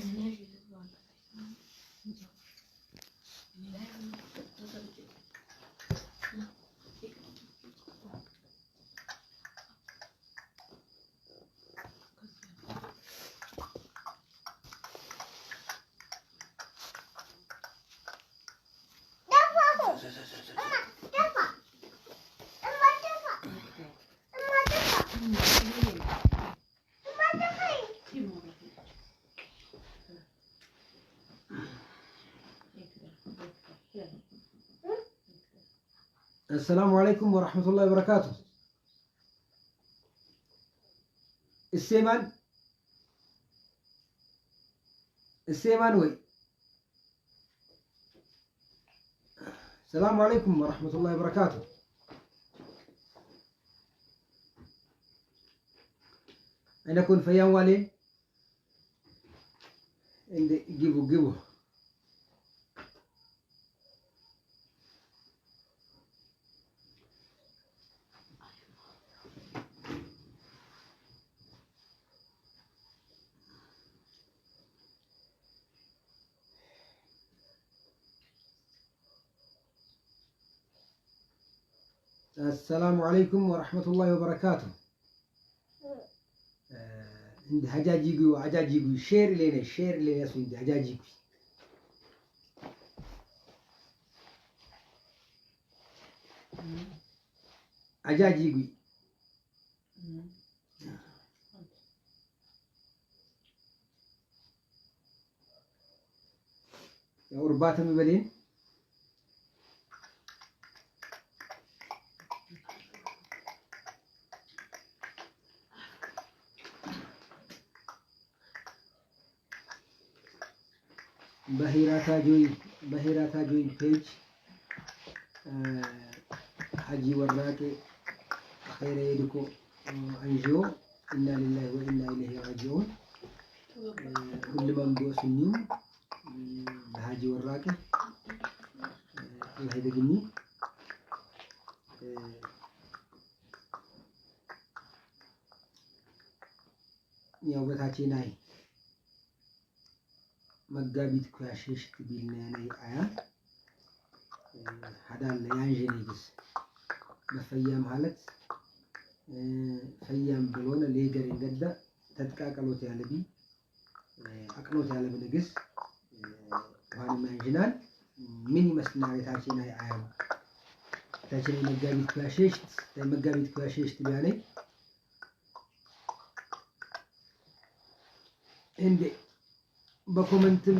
Mm-hmm. السلام عليكم ورحمة الله وبركاته السيمان وي السلام عليكم ورحمة الله وبركاته أنا أكون فيان والي عندي جيبو جيبو አሰላሙ አለይኩም ወራህመቱላሂ ወበረካቱ እንደ ሀጃጂጉ ሀጃጂጉ ሼር ሌነ ሼር ሌነ ሱ እንደ ሀጃጂጉ ሀጃጂጉ ያው እርባታ የሚበሌን በሂራታ ጆይንት ፔጅ ሀጂ ወራቄ ኸይረ የድኮ አንጂዮ ኢና ሊላሂ ወኢና ኢለይሂ ራጂዑን ሁሉም ቢወስኝም በሀጂ ወራቄ አላህ ያው በታቼ አይ መጋቢት እኮ ያሸሽክ አያ ነይ አያት በፈያም ያንዥን ማለት ፈያም ብሎነ ሌገር እንገደ ተጥቃቀሎት ያለቢ አቅኖት ያለብ ንግስ ዋንም ያንዥናል ምን ይመስልና ቤታችን ናይ አያም ቤታችን መጋቢት ያሸሽት መጋቢት ያሸሽት ቢያለይ እንዴ በኮመንትም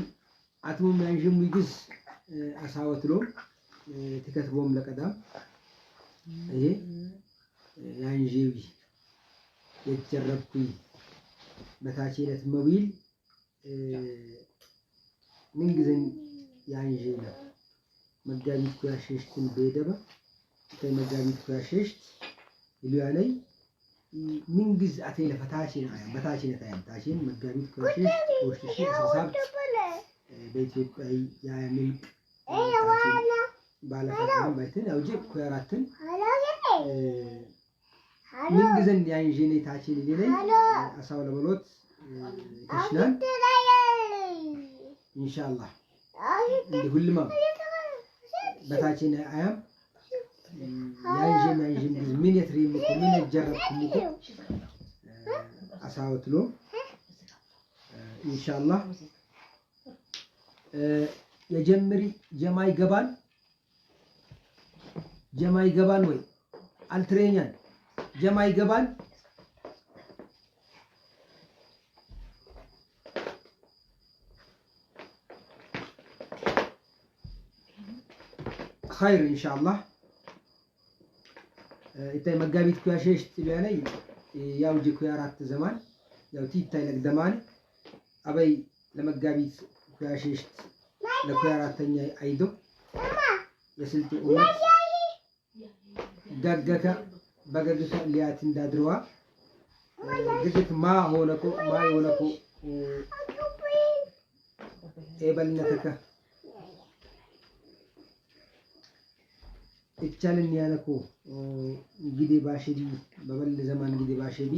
አትሞም ያንዥም ይግዝ አሳወትሎም ትከትቦም ለቀዳም ይሄ ያንዥቢ የተጀረብኩኝ በታቼ ለት መዊል ምንጊዜን ያንዥ ነው መጋቢት ኩያሸሽትን ቤደበ መጋቢት ኩያሸሽት ይሉያ ላይ ምን ምንጊዜ አትለፈ ታሽን በታሽን ታይም ታሽን መጋቢት ኮሽሽ ኮሽሽ ሰሳብ በኢትዮጵያ ያ ምልክ ባለፈታም ባይትን ያውጂ ኮራትን ምንጊዜን ያን ጄኔ ታሽን ይለኝ አሳው ለበሎት ይችላል ኢንሻአላህ ሁሉም በታሽን አያም ያንዥን ያንዥን ምን የትሪም ምኩ ምን ምኩ እኮ አሳወትሎ ኢንሻአላህ የጀምሪ ጀማ ይገባል ጀማ ይገባል ወይ አልትሬኛል ጀማ ይገባል ኸይር ኢንሻአላህ እታይ መጋቢት ኩያሸሽ ጥቢያነይ ያውጅ ኩያ አራት ዘማን ያውቲ ይታይ ነግደማን አበይ ለመጋቢት ኩያሸሽ ለኩያ አራተኛ አይዶ የስልጤ ኡመት ገገከ በገገከ ሊያት እንዳድረዋ ግግት ማ ሆነኮ ማ የሆነኮ ኤበልነተከ ይቻልን ያለኮ ጊዜ ባሸዲ በበል ዘማን ጊዜ ባሸዲ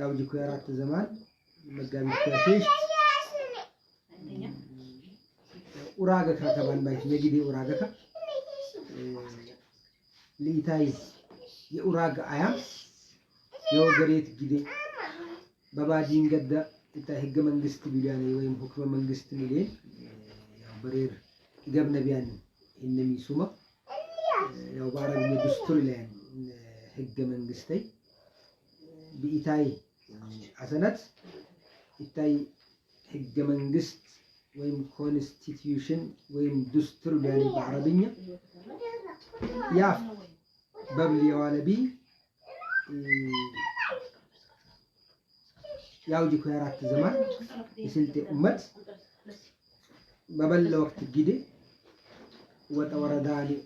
ያው ጅኩ የአራት ዘማን መጋቢት ያሸሽ ኡራገካ ከባን ባይ የጊዜ ኡራገካ ልኢታይ የኡራግ አያ የወገሬት ጊዜ በባዲን ገዳ እንታይ ህገ መንግስት ቢሊያን ወይም ሁክመ መንግስት ሚሊየን ያው በሬር ገብ ነቢያን እነሚሱመ ያው በአረብኛ ድስቱር ላይ ህገ መንግስተይ ቢኢታይ አሰነት ኢታይ ህገ መንግስት ወይም ኮንስቲትዩሽን ወይም ዱስቱር ላይ በአረብኛ ያ በብል የዋለቢ ያው ኮ የአራት ዘመን የስልጤ ኡመት በበለ ወቅት ጊዜ Wata Waradaalee,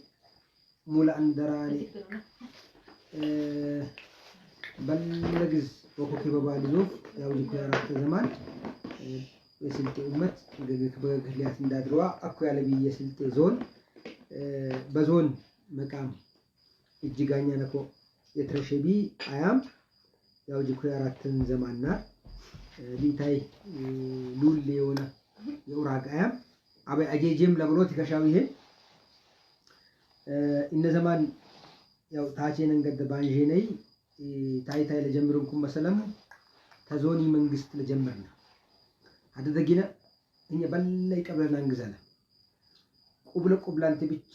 Mula Andaraalee, በለግዝ ወኮኪ በባል ዞፍ ያው ሊኮ ያራተ ዘማን የስልጤ ኡመት በክልያት እንዳድረዋ አኩ ያለቢ የስልጤ ዞን በዞን መቃም እጅጋኛ ነኮ የተረሸቢ አያም ያው ሊኮ ያራተን ዘማና ሊታይ ሉል የሆነ የኡራቅ አያም አበይ አጄጄም ለብሮት ይከሻው ይሄ እነዘማን ያው ታቼ ታቼነን ገደ ነይ ታይታይ ለጀምሩንኩም መሰለም ተዞኒ መንግስት ለጀመርና አደደጊነ እኛ በላይ ቀብለና እንግዛለ ቁብለ ቁብላንቲ ብቻ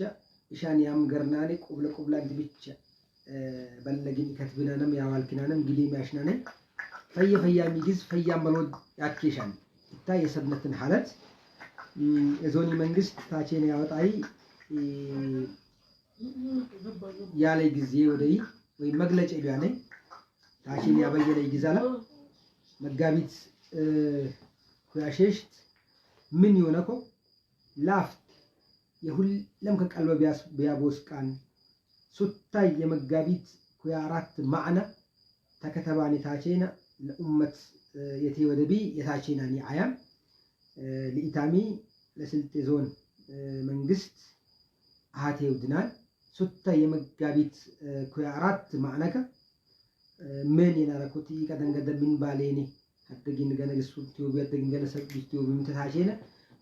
ኢሻን ያም ገርናኔ ቁብለ ቁብላንቲ ብቻ በለግን ከትብናንም ያዋልኪናንም ግዲ ያሽናነ ፈየ ፈያ ሚግዝ ፈያም በሎድ ያኬሻን እታ የሰብነትን ሐለት የዞኒ መንግስት ታቼነ ያወጣይ ያለ ጊዜ ወደ ወይ መግለጫ ይላል ታሽን ያበየለ ይዛላ መጋቢት ኩያሸሽት ምን ይሆነኮ ላፍት የሁለም ከቀልበ ቢያስ ቢያቦስቃን ሱታይ የመጋቢት ኩያ አራት ማዕና ተከተባኒ ታቼና ለኡመት የቴ ወደቢ የታቼናኒ አያም ለኢታሚ ለስልጤ ዞን መንግስት አሃቴው ድናል ሱተ የመጋቢት ኩያ አራት ማዕነከ ምን ይናረኩት ቀደንገደ ምን ባሌኔ አደጊን ገነግሱ ቲዩብ ያደጊን ገነሰብ ቲዩብ ምትታሽነ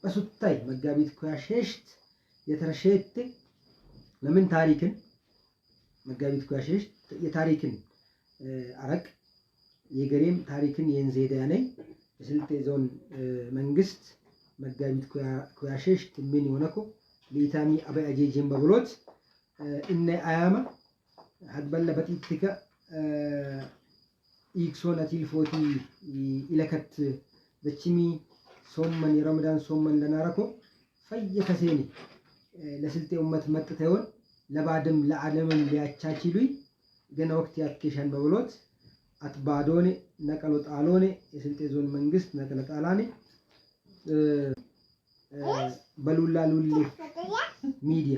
በሱታይ መጋቢት ኩያ ሸሽት የተረሸት ለምን ታሪክን መጋቢት ኩያ ሸሽት የታሪክን አረቅ የገሬም ታሪክን የንዜዳ ነኝ የስልጤ ዞን መንግስት መጋቢት ኩያ ሸሽት ምን የሆነኮ ለኢታሚ አበይ አጄጄን በብሎት inni ayama hadballa baxittika iiksoon atiilfootii ilakat dachimii soomman ramadaan soomman lanaarako fayya kaseeni ለስልጤ ኡመት መጥተውን ለባድም ለዓለምም ሊያቻችሉኝ ገና ወቅት ያትኬሻን በብሎት አትባዶኔ ነቀሎ ጣሎኔ የስልጤ ዞን መንግስት ነቀለ ጣላኔ በሉላ ሉሌ ሚዲያ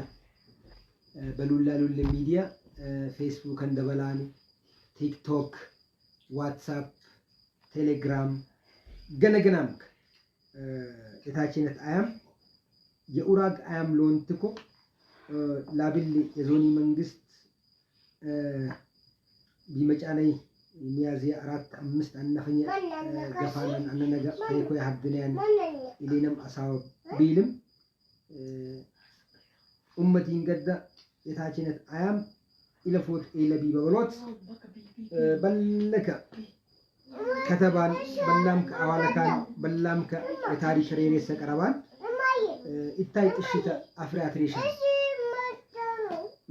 በሉላ ሉል ሚዲያ ፌስቡክ እንደበላን፣ ቲክቶክ፣ ዋትሳፕ፣ ቴሌግራም ገነገናምክ የታችነት አያም የኡራግ አያም ሎንትኮ ላብል የዞኒ መንግስት ላይ ሚያዝያ አራት አምስት አነፈኛ ገፋናን አነነገ ኮ ሀብድንያን ኢሌነም አሳወ ቢልም ኡመቲን ገዳ የታችነት አያም ኢለፎት ኤለቢ በበሎት በለከ ከተባን በላም ከአዋለካን በላም የታሪክ ሬሬሰ ቀረባን ኢታይ ጥሽተ አፍሪያትሬሽን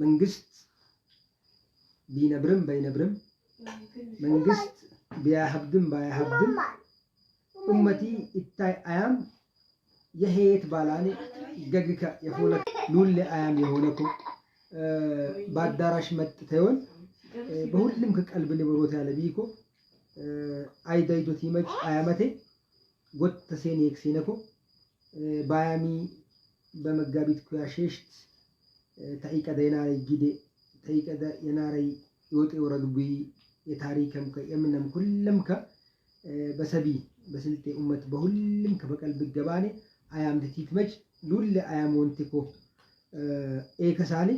መንግስት ቢነብርም ባይነብርም መንግስት ቢያሀብድም ባያሀብድም ኡመቲ ኢታይ አያም የሄት ባላኔ ገግከ የሆነ ሉሌ አያም የሆነኩ በአዳራሽ መጥተውን በሁሉም ከቀልብ ልብሮት ያለ ቢኮ አይዳይዶት ይመጭ አያመቴ ጎተሴን የክሴነኮ ባያሚ በመጋቢት ኩያሼሽት ተኢቀደ የናረይ ጊዴ ተኢቀደ የናረይ የወጤ ወረግቢ የታሪከም የምነም ሁለም ከ በሰቢ በስልጤ ኡመት በሁሉም ከበቀልብ ገባኔ አያምትቲት መጭ ሉል አያሞንቲኮ ኤከሳኔ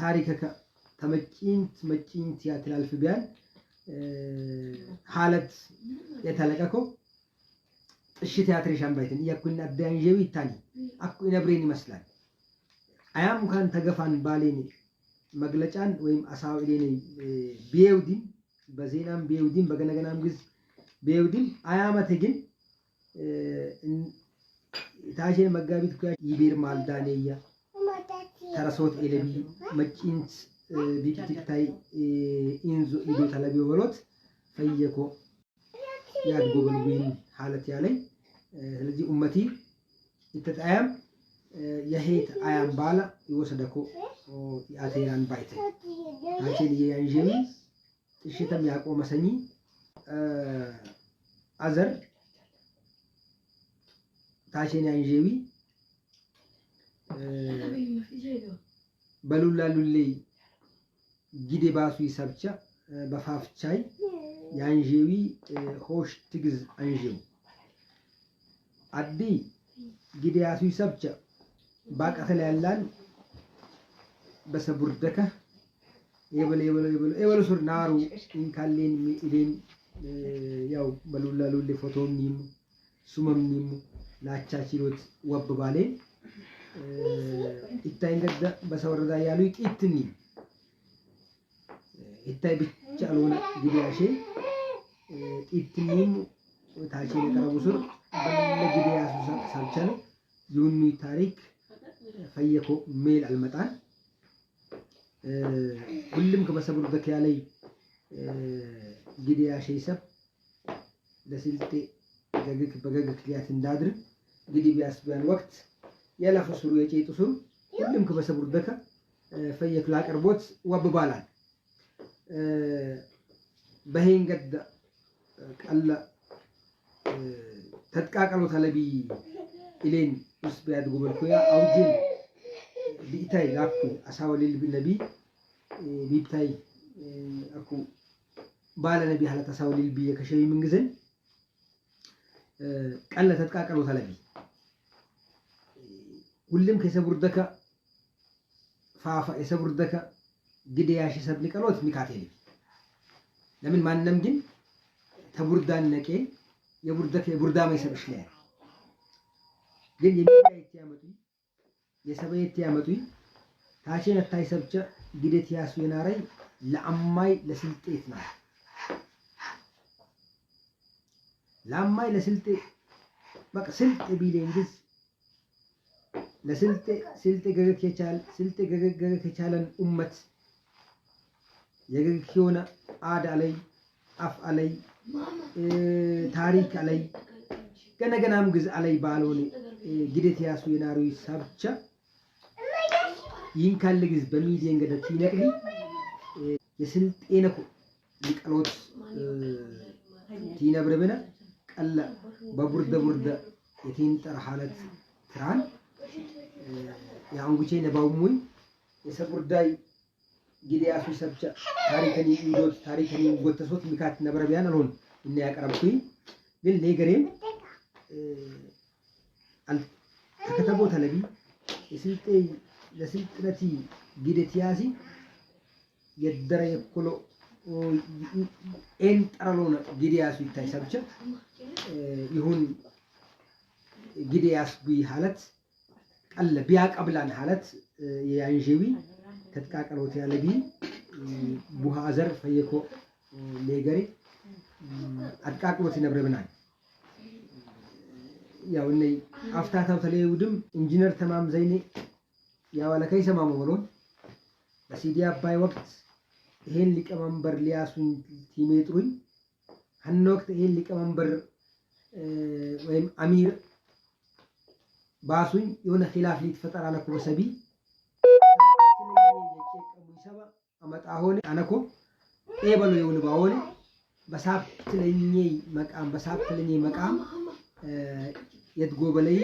ታሪከ ተመጪንት መጪንት ያትላልፍ ቢያን ሀለት የተለቀከው ጥሽት ቲያትር ሻምባይትን እያኩን አዳንጀው ይታኒ አኩ ነብሬን ይመስላል አያም እንኳን ተገፋን ባሌን መግለጫን ወይም አሳውሌን ቢየውዲን በዜናም ቢየውዲን በገነገናም ግዝ ቢየውዲን አያመት ግን ታሼን መጋቢት ኩያ ይቤር ማልዳኔያ tarasoot elebii machiinti biqiltiktai inzo idoo talabii obalot fayyakoo yaad gobalguin haalat yaalay ስለዚህ ኡመቲ ይተጣያም የሄት አያም ባላ ይወሰደኮ የአቴያን ባይተ አቼን የያንጀሚ ጥሽተም ያቆ መሰኝ አዘር ታቼን ያንጀቢ በሉላ ሉሌ ጊዴ ባሱ ይሰብቻ በፋፍቻይ የአንዤዊ ሆሽ ትግዝ አንዤው አዲ ጊዴ ያሱ ይሰብቻ ባቀተለ ያላን ደከ የበለ የበለ የበለ የበለ ሱር ናሩ ኢንካሌን ሚኢሌን ያው በሉላ ሉሌ ፎቶም ኒሙ ሱመም ኒሙ ላቻችሎት ወብባሌን ኢታይ እንደገ በሰወረዳ ያሉ ይቅትኒ ኢታይ ብቻ አልሆነ ግዲያሼ ጢትኒም ታቼ የቀረቡ ሱር ለግዲያሱ ሳልቻለ ይሁኑ ታሪክ ፈየኮ ሜል አልመጣን ሁሉም ከበሰብሩ ደከያ ላይ ግዲያሼ ሰብ ለስልጤ ገግክ በገግክ ሊያት እንዳድር ግዲ ቢያስቢያን ወቅት የለፉ ስሩ የጨይጡ ስሩ ሁሉም ክበሰብሩ በከ ፈየክላ አቅርቦት ወብባላል በሄን ገደ ቀለ ተጥቃቀሎ ተለቢ ኢሌን ውስጥ ቢያድጉ መልኩያ አውጅን ቢታይ ላኩ አሳወሊል ነቢ ቢታይ አኩ ባለ ነቢ ሀለት አሳወሊል ብየ ከሸቢ ምንግዝን ቀለ ተጥቃቀሎ ተለቢ ሁሉም ከሰ ቡርደከ ፋፋ የሰ ቡርደከ ግድያሽ ሰብኒ ቀሎት ሚካቴል ለምን ማንም ግን ተቡርዳን ነቄ የቡርደከ የቡርዳ ማይሰብሽ ላይ ግን የሚያይት ያመጡ የሰበየት ያመጡ ታቼን አታይ ሰብቸ ግዴት ያሱ የናረይ ለአማይ ለስልጤት ነው ለአማይ ለስልጤ በቃ ስልጤ ቢለኝ እንግዲህ ለስልጤ ስልጤ ገገክ የቻል ስልጤ ገገክ ገገክ የቻለን ኡመት የገገክ የሆነ አድ አለይ አፍ አለይ ታሪክ አለይ ገነገናም ግዝ አለይ ባልሆነ ግዴት ያሱ የናሩ ሳብቻ ይህን ካለ ግዝ በሚዲየን ገደት ይነቅሊ የስልጤነኩ ሊቀሎት ቲነብረብነ ቀለ በቡርደ ቡርደ የቲንጠር ሀለት ትራን የአንጉቼ ለባሙይ የሰቁርዳይ ጊዲያሱ ሰብቸ ታሪከኒ እንዶት ታሪከኒ ወተሶት ምካት ነብረቢያን አልሆን እና ያቀረብኩኝ ግን ሌገሬም ከተቦ ተለቢ የስልጤ ለስልጥነቲ ያሲ የደረ የኮሎ ኤን ጠረሎነ ጊዲያሱ ይታይ ሰብቸ ይሁን ጊዲያስ ጉይ ሀለት ቀለ ቢያቀብላን ሀለት የአንጀቢ ተጥቃቀሎት ያለቢ ቡሃ አዘር ፈየኮ ሌገሪ አጥቃቅሎት ይነብረብናል ያው እነ አፍታታው ተለይውድም ኢንጂነር ተማም ዘይኔ ያዋለከይ ሰማሙ ብሎን በሲዲ አባይ ወቅት ይሄን ሊቀመንበር ሊያሱን ቲሜጥሩኝ ሀን ወቅት ይሄን ሊቀመንበር ወይም አሚር ባሱኝ የሆነ ኪላፍ ሊትፈጠር አነኮ በሰቢ ሰባ አመጣ ሆነ አነኮ ኤበሎ የሆነ ባሆነ በሳብት ለኜ መቃም በሳብት ለኜ መቃም የትጎበለይ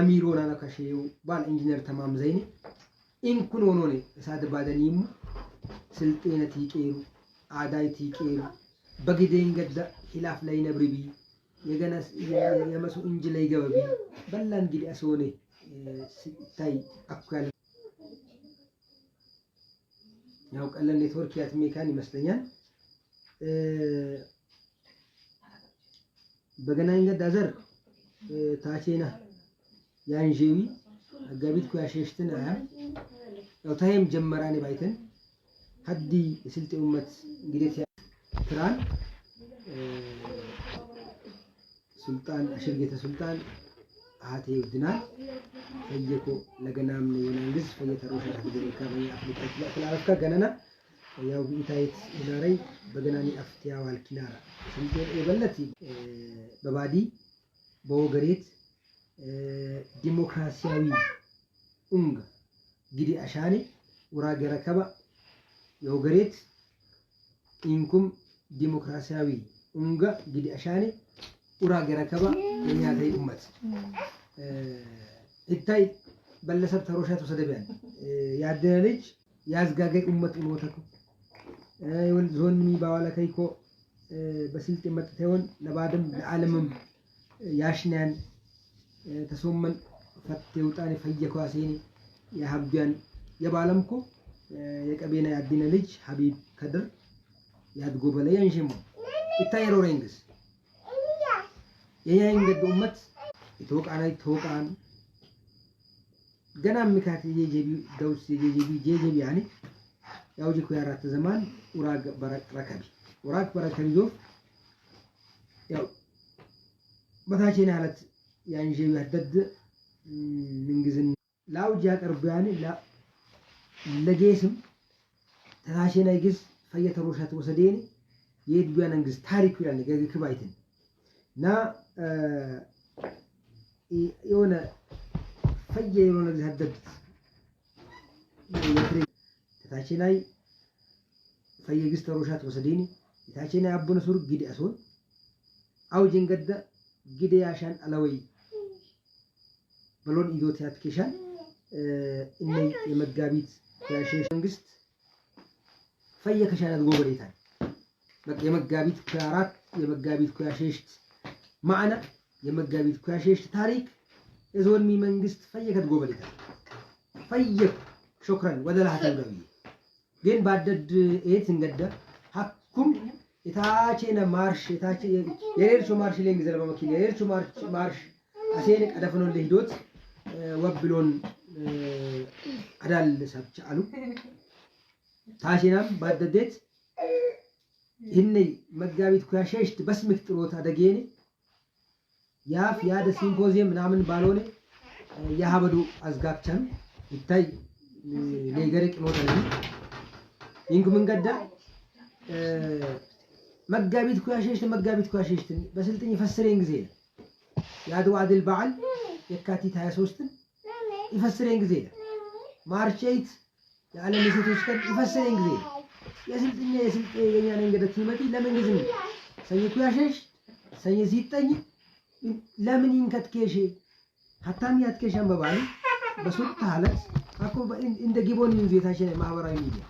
አሚሮን አነከሸው ባል ኢንጂነር ተማም ዘይኔ ኢንኩን ሆኖኔ እሳት ባደኒሙ ስልጤነት ይቄሩ አዳይት ይቄሩ በግዴን ገዳ ኪላፍ ላይ ነብሪቢ የገና የመሱ እንጂ ላይ ገበቢ በላ እንግዲህ አስሆነ ሲታይ አኳል ያው ቀለል ኔትወርክ ሜካን ይመስለኛል በገና እንገዳ ዘር ታቼና ያንጂዊ አጋቢት ኩያሸሽትን አያ ያው ታይም ጀመራኔ ባይተን ሀዲ ስልጤ ኡመት እንግዲህ ትራን ሱልጣን አሸርጌተ ሱልጣን አቴ ድናል ፈየኮ ለገናም የናንግስ ፈየተሮሽ አድርገካ በያ አፍሊካ ተላረፍካ ገነና ያው ቢታይት ዳረይ በገናኒ አፍቲያ ዋልኪናራ ስንቴር የበለት በባዲ በወገሬት ዲሞክራሲያዊ ኡንገ ግዲ አሻኔ ውራ ገረከባ የወገሬት ኢንኩም ዲሞክራሲያዊ ኡንገ ግዲ አሻኔ ኡራ ገረከባ የሚያተይ ኡመት እታይ በለሰብ ተሮሻት ወሰደቢያን ያደረ ልጅ ያዝጋገይ ኡመት ሞተኩ ይሁን ዞን ሚ ከይኮ በስልጥ መጥተ ይሆን ለባድም ለዓለምም ያሽናን ተሶመን ፈቴ ውጣኔ ፈየኳሴኒ የሀቢያን የባለምኮ የቀቤና ያዲነ ልጅ ሀቢብ ከድር ያድጎበለ ያንሽሞ ይታይ ሮሬንግስ የያይንገድ ኡመት ኢትዮጵያናይ ተወቃን ገና ምካት የጄቢ ደውስ የጄቢ ጄጄቢ ያኒ ያው ጂኩ ያራተ ዘማን ኡራግ በረከቢ ኡራግ በረቅ ከሚዞ ያው በታችን ያለት ያን ጄቢ ያደድ ምንግዝን ላው ጃቀርብ ያኒ ላ ለጌስም ተታሽን አይግዝ ፈየተሮሻት ወሰደኒ የድቢያን እንግዝ ታሪኩ ያለ ገግ na የሆነ ፈየ የሆነ ነገር ታቼ ላይ ፈየ ግስተ ሮሻት ወሰደኒ ታቼ ላይ አቡነ ሱር ግዲ አሶን አው ጀንገደ ግዲ ያሻን አለወይ ብሎን ኢዮት ያትከሻል እነ የመጋቢት ያሸ መንግስት ፈየ ከሻናት ጎበሬታል በቃ የመጋቢት ከአራት የመጋቢት ማዕነቅ የመጋቢት ኳሸሽ ታሪክ እዞልሚ መንግስት ፈየከት ጎበሊታ ፈየክ ሾክረን ወለላ ተንገቢ ግን ባደድ ኤት እንገደ ሀኩም የታቼነ ማርሽ የታቼ የሌርቹ ማርሽ ላይ የሚዘለ በመኪና የሌርቹ ማርሽ ማርሽ አሴን ቀደፍኖ ለሂዶት ወብሎን አዳል ሰብች አሉ ታሽናም ባደዴት ይህን መጋቢት ኩያሸሽት በስምክ ጥሮት አደጌኔ ያፍ ያደ ሲምፖዚየም ምናምን ባልሆነ የሀበዱ አዝጋብቻን ይታይ ነው ተለኝ ይንግ ምንገዳ መጋቢት ኩያሸሽትን መጋቢት ኩያሸሽትን በስልጥኝ ይፈስሬን ጊዜ ነው የአድዋ ድል በዓል የካቲት 23ን ይፈስሬን ጊዜ ነው ማርች ኤይት የዓለም የሴቶች ቀን ይፈስሬን ጊዜ የስልጥኛ የስልጤ የኛ ነገር ትመጪ ለምን ጊዜ ነው ሰኞ ኩያሸሽ ሰኞ ሲጠኝ ለምን ይንከትኬሽ ሀታም ያትኬሽ አንበባል በሱት ታለት አኮ እንደ ጊቦን ዩዝ የታሸ ማህበራዊ ሚዲያ